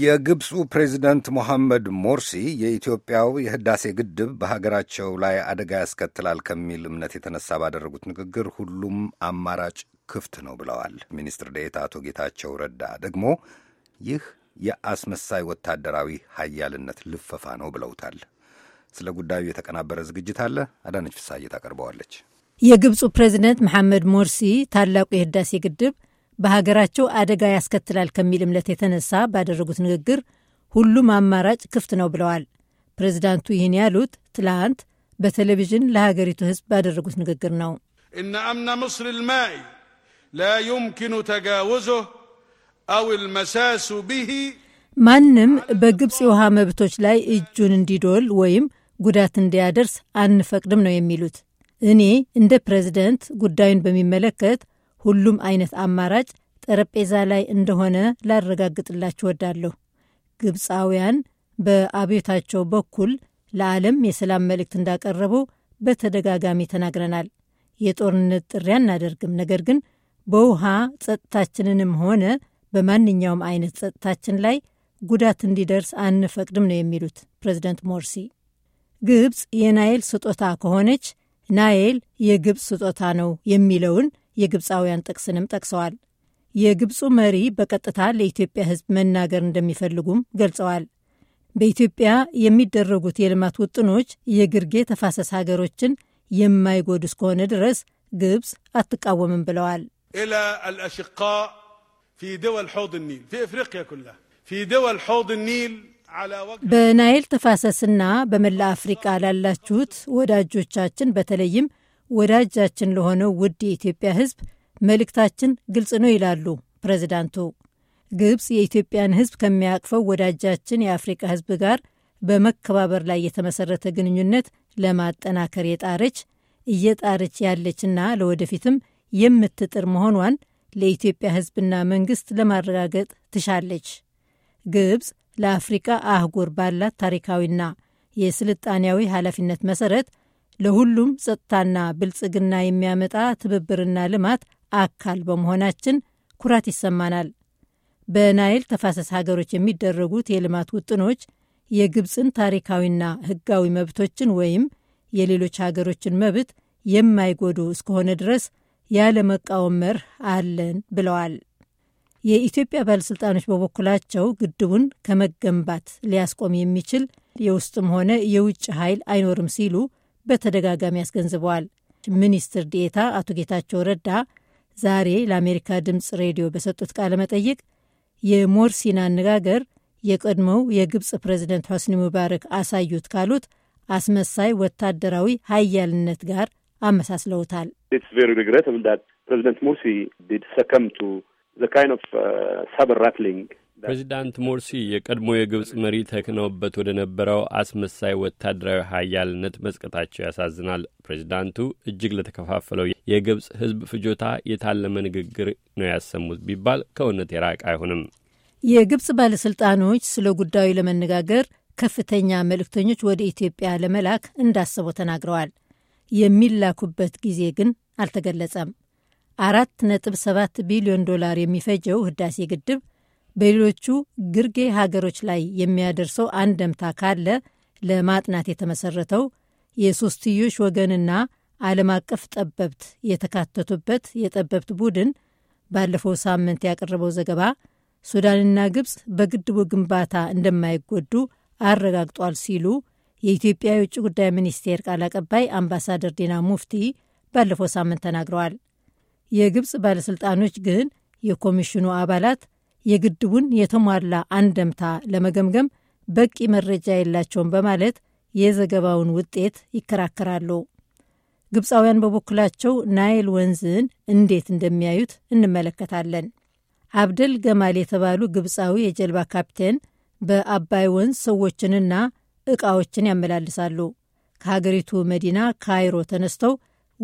የግብፁ ፕሬዚደንት ሞሐመድ ሞርሲ የኢትዮጵያው የህዳሴ ግድብ በሀገራቸው ላይ አደጋ ያስከትላል ከሚል እምነት የተነሳ ባደረጉት ንግግር ሁሉም አማራጭ ክፍት ነው ብለዋል። ሚኒስትር ዴኤታ አቶ ጌታቸው ረዳ ደግሞ ይህ የአስመሳይ ወታደራዊ ሀያልነት ልፈፋ ነው ብለውታል። ስለ ጉዳዩ የተቀናበረ ዝግጅት አለ። አዳነች ፍሳዬ ታቀርበዋለች። የግብፁ ፕሬዚደንት መሐመድ ሞርሲ ታላቁ የህዳሴ ግድብ በሀገራቸው አደጋ ያስከትላል ከሚል እምነት የተነሳ ባደረጉት ንግግር ሁሉም አማራጭ ክፍት ነው ብለዋል። ፕሬዚዳንቱ ይህን ያሉት ትላንት በቴሌቪዥን ለሀገሪቱ ሕዝብ ባደረጉት ንግግር ነው። እነ አምነ ምስር ልማይ ላ ዩምኪኑ ተጋወዞ አው ልመሳሱ ብሂ ማንም በግብፅ የውሃ መብቶች ላይ እጁን እንዲዶል ወይም ጉዳት እንዲያደርስ አንፈቅድም ነው የሚሉት። እኔ እንደ ፕሬዚደንት ጉዳዩን በሚመለከት ሁሉም አይነት አማራጭ ጠረጴዛ ላይ እንደሆነ ላረጋግጥላችሁ ወዳለሁ። ግብፃውያን በአብዮታቸው በኩል ለዓለም የሰላም መልእክት እንዳቀረቡ በተደጋጋሚ ተናግረናል። የጦርነት ጥሪ አናደርግም። ነገር ግን በውሃ ጸጥታችንንም ሆነ በማንኛውም አይነት ጸጥታችን ላይ ጉዳት እንዲደርስ አንፈቅድም ነው የሚሉት ፕሬዚደንት ሞርሲ። ግብፅ የናይል ስጦታ ከሆነች ናይል የግብፅ ስጦታ ነው የሚለውን የግብፃውያን ጥቅስንም ጠቅሰዋል። የግብፁ መሪ በቀጥታ ለኢትዮጵያ ሕዝብ መናገር እንደሚፈልጉም ገልጸዋል። በኢትዮጵያ የሚደረጉት የልማት ውጥኖች የግርጌ ተፋሰስ ሀገሮችን የማይጎዱ እስከሆነ ድረስ ግብፅ አትቃወምም ብለዋል። በናይል ተፋሰስና በመላ አፍሪቃ ላላችሁት ወዳጆቻችን በተለይም ወዳጃችን ለሆነው ውድ የኢትዮጵያ ሕዝብ መልእክታችን ግልጽ ነው ይላሉ ፕሬዚዳንቱ። ግብፅ የኢትዮጵያን ሕዝብ ከሚያቅፈው ወዳጃችን የአፍሪካ ሕዝብ ጋር በመከባበር ላይ የተመሰረተ ግንኙነት ለማጠናከር የጣረች እየጣረች ያለችና ለወደፊትም የምትጥር መሆኗን ለኢትዮጵያ ሕዝብና መንግስት ለማረጋገጥ ትሻለች። ግብፅ ለአፍሪቃ አህጉር ባላት ታሪካዊና የስልጣኔያዊ ኃላፊነት መሰረት ለሁሉም ጸጥታና ብልጽግና የሚያመጣ ትብብርና ልማት አካል በመሆናችን ኩራት ይሰማናል። በናይል ተፋሰስ ሀገሮች የሚደረጉት የልማት ውጥኖች የግብፅን ታሪካዊና ሕጋዊ መብቶችን ወይም የሌሎች ሀገሮችን መብት የማይጎዱ እስከሆነ ድረስ ያለ መቃወም መርህ አለን ብለዋል። የኢትዮጵያ ባለሥልጣኖች በበኩላቸው ግድቡን ከመገንባት ሊያስቆም የሚችል የውስጥም ሆነ የውጭ ኃይል አይኖርም ሲሉ በተደጋጋሚ አስገንዝበዋል። ሚኒስትር ዲኤታ አቶ ጌታቸው ረዳ ዛሬ ለአሜሪካ ድምፅ ሬዲዮ በሰጡት ቃለ መጠይቅ የሞርሲን አነጋገር የቀድሞው የግብፅ ፕሬዚደንት ሆስኒ ሙባረክ አሳዩት ካሉት አስመሳይ ወታደራዊ ሀያልነት ጋር አመሳስለውታል። ፕሬዚደንት ሙርሲ ሰከምቱ ፕሬዚዳንት ሞርሲ የቀድሞ የግብፅ መሪ ተክነውበት ወደ ነበረው አስመሳይ ወታደራዊ ሀያልነት መስቀታቸው ያሳዝናል። ፕሬዚዳንቱ እጅግ ለተከፋፈለው የግብፅ ሕዝብ ፍጆታ የታለመ ንግግር ነው ያሰሙት ቢባል ከእውነት የራቅ አይሆንም። የግብፅ ባለሥልጣኖች ስለ ጉዳዩ ለመነጋገር ከፍተኛ መልእክተኞች ወደ ኢትዮጵያ ለመላክ እንዳሰቡ ተናግረዋል። የሚላኩበት ጊዜ ግን አልተገለጸም። አራት ነጥብ ሰባት ቢሊዮን ዶላር የሚፈጀው ህዳሴ ግድብ በሌሎቹ ግርጌ ሀገሮች ላይ የሚያደርሰው አንደምታ ካለ ለማጥናት የተመሰረተው የሶስትዮሽ ወገንና ዓለም አቀፍ ጠበብት የተካተቱበት የጠበብት ቡድን ባለፈው ሳምንት ያቀረበው ዘገባ ሱዳንና ግብፅ በግድቡ ግንባታ እንደማይጎዱ አረጋግጧል ሲሉ የኢትዮጵያ የውጭ ጉዳይ ሚኒስቴር ቃል አቀባይ አምባሳደር ዲና ሙፍቲ ባለፈው ሳምንት ተናግረዋል። የግብፅ ባለሥልጣኖች ግን የኮሚሽኑ አባላት የግድቡን የተሟላ አንደምታ ለመገምገም በቂ መረጃ የላቸውም በማለት የዘገባውን ውጤት ይከራከራሉ። ግብፃውያን በበኩላቸው ናይል ወንዝን እንዴት እንደሚያዩት እንመለከታለን። አብደል ገማል የተባሉ ግብፃዊ የጀልባ ካፕቴን በአባይ ወንዝ ሰዎችንና ዕቃዎችን ያመላልሳሉ። ከሀገሪቱ መዲና ካይሮ ተነስተው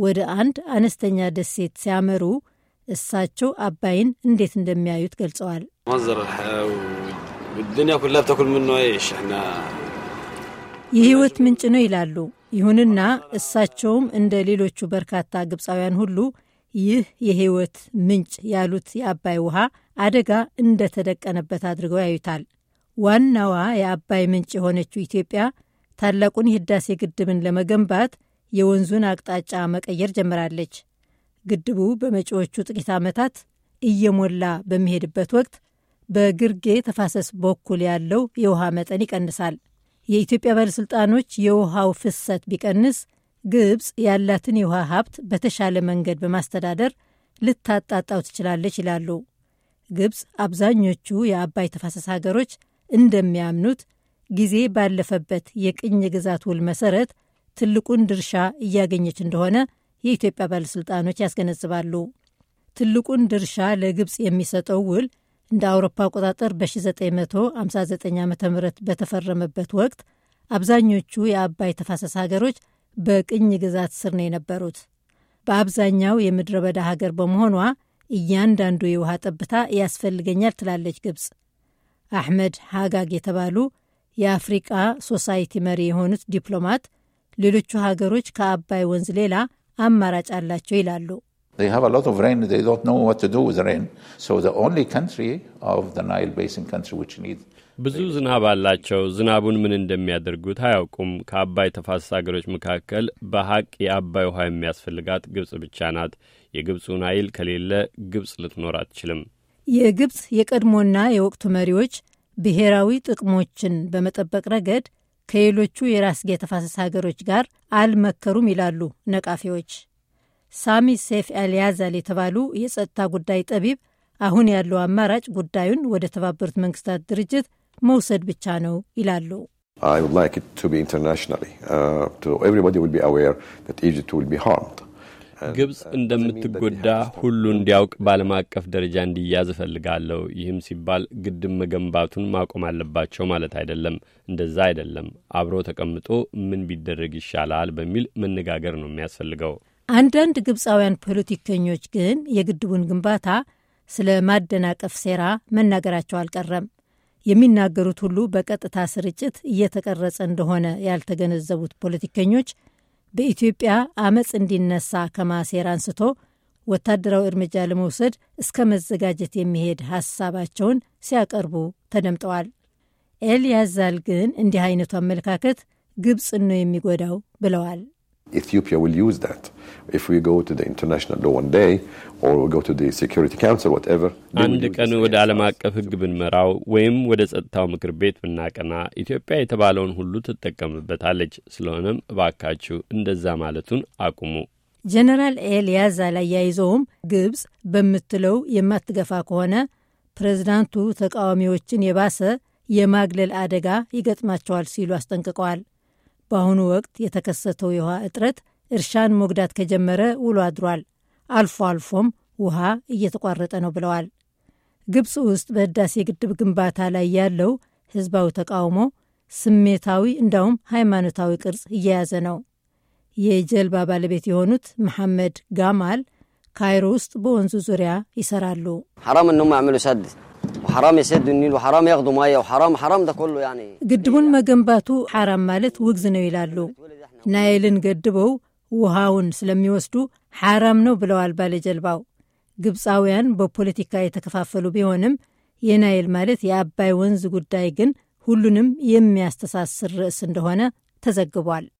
ወደ አንድ አነስተኛ ደሴት ሲያመሩ እሳቸው አባይን እንዴት እንደሚያዩት ገልጸዋል። የህይወት ምንጭ ነው ይላሉ። ይሁንና እሳቸውም እንደ ሌሎቹ በርካታ ግብፃውያን ሁሉ ይህ የህይወት ምንጭ ያሉት የአባይ ውሃ አደጋ እንደተደቀነበት አድርገው ያዩታል። ዋናዋ የአባይ ምንጭ የሆነችው ኢትዮጵያ ታላቁን የህዳሴ ግድብን ለመገንባት የወንዙን አቅጣጫ መቀየር ጀምራለች። ግድቡ በመጪዎቹ ጥቂት ዓመታት እየሞላ በሚሄድበት ወቅት በግርጌ ተፋሰስ በኩል ያለው የውሃ መጠን ይቀንሳል። የኢትዮጵያ ባለሥልጣኖች የውሃው ፍሰት ቢቀንስ ግብፅ ያላትን የውሃ ሀብት በተሻለ መንገድ በማስተዳደር ልታጣጣው ትችላለች ይላሉ። ግብፅ አብዛኞቹ የአባይ ተፋሰስ ሀገሮች እንደሚያምኑት ጊዜ ባለፈበት የቅኝ ግዛት ውል መሰረት ትልቁን ድርሻ እያገኘች እንደሆነ የኢትዮጵያ ባለሥልጣኖች ያስገነዝባሉ። ትልቁን ድርሻ ለግብፅ የሚሰጠው ውል እንደ አውሮፓ አቆጣጠር በ1959 ዓ ም በተፈረመበት ወቅት አብዛኞቹ የአባይ ተፋሰስ ሀገሮች በቅኝ ግዛት ስር ነው የነበሩት። በአብዛኛው የምድረ በዳ ሀገር በመሆኗ እያንዳንዱ የውሃ ጠብታ ያስፈልገኛል ትላለች ግብፅ። አሕመድ ሃጋግ የተባሉ የአፍሪቃ ሶሳይቲ መሪ የሆኑት ዲፕሎማት ሌሎቹ ሀገሮች ከአባይ ወንዝ ሌላ አማራጭ አላቸው ይላሉ። ብዙ ዝናብ አላቸው። ዝናቡን ምን እንደሚያደርጉት አያውቁም። ከአባይ ተፋሰስ አገሮች መካከል በሀቅ የአባይ ውሃ የሚያስፈልጋት ግብጽ ብቻ ናት። የግብፁ ናይል ከሌለ ግብጽ ልትኖር አትችልም። የግብፅ የቀድሞና የወቅቱ መሪዎች ብሔራዊ ጥቅሞችን በመጠበቅ ረገድ ከሌሎቹ የራስጌ ተፋሰስ ሀገሮች ጋር አልመከሩም ይላሉ ነቃፊዎች። ሳሚ ሴፍ አልያዛል የተባሉ የጸጥታ ጉዳይ ጠቢብ አሁን ያለው አማራጭ ጉዳዩን ወደ ተባበሩት መንግስታት ድርጅት መውሰድ ብቻ ነው ይላሉ። I would like it to be internationally, uh, to everybody will be aware that Egypt will be harmed. ግብፅ እንደምትጎዳ ሁሉ እንዲያውቅ በዓለም አቀፍ ደረጃ እንዲያዝ እፈልጋለሁ። ይህም ሲባል ግድብ መገንባቱን ማቆም አለባቸው ማለት አይደለም። እንደዛ አይደለም። አብሮ ተቀምጦ ምን ቢደረግ ይሻላል በሚል መነጋገር ነው የሚያስፈልገው። አንዳንድ ግብፃውያን ፖለቲከኞች ግን የግድቡን ግንባታ ስለ ማደናቀፍ ሴራ መናገራቸው አልቀረም። የሚናገሩት ሁሉ በቀጥታ ስርጭት እየተቀረጸ እንደሆነ ያልተገነዘቡት ፖለቲከኞች በኢትዮጵያ አመፅ እንዲነሳ ከማሴር አንስቶ ወታደራዊ እርምጃ ለመውሰድ እስከ መዘጋጀት የሚሄድ ሐሳባቸውን ሲያቀርቡ ተደምጠዋል። ኤልያዛል ግን እንዲህ አይነቱ አመለካከት ግብፅን ነው የሚጎዳው ብለዋል። Ethiopia will use that. If we go to the international law one day or we go to the Security Council, whatever. አንድ ቀን ወደ ዓለም አቀፍ ሕግ ብንመራው ወይም ወደ ጸጥታው ምክር ቤት ብናቀና ኢትዮጵያ የተባለውን ሁሉ ትጠቀምበታለች። ስለሆነም እባካችሁ እንደዛ ማለቱን አቁሙ። ጀነራል ኤልያስ አያይዘውም ግብፅ በምትለው የማትገፋ ከሆነ ፕሬዝዳንቱ ተቃዋሚዎችን የባሰ የማግለል አደጋ ይገጥማቸዋል ሲሉ አስጠንቅቀዋል። በአሁኑ ወቅት የተከሰተው የውሃ እጥረት እርሻን መጉዳት ከጀመረ ውሎ አድሯል። አልፎ አልፎም ውሃ እየተቋረጠ ነው ብለዋል። ግብፅ ውስጥ በህዳሴ ግድብ ግንባታ ላይ ያለው ህዝባዊ ተቃውሞ ስሜታዊ እንዳውም ሃይማኖታዊ ቅርጽ እየያዘ ነው። የጀልባ ባለቤት የሆኑት መሐመድ ጋማል ካይሮ ውስጥ በወንዙ ዙሪያ ይሰራሉ። ሐራም ሰድ ግድቡን መገንባቱ ሐራም ማለት ውግዝ ነው ይላሉ። ናይልን ገድበው ውሃውን ስለሚወስዱ ሐራም ነው ብለዋል ባለጀልባው። ግብፃውያን በፖለቲካ የተከፋፈሉ ቢሆንም የናይል ማለት የአባይ ወንዝ ጉዳይ ግን ሁሉንም የሚያስተሳስር ርዕስ እንደሆነ ተዘግቧል።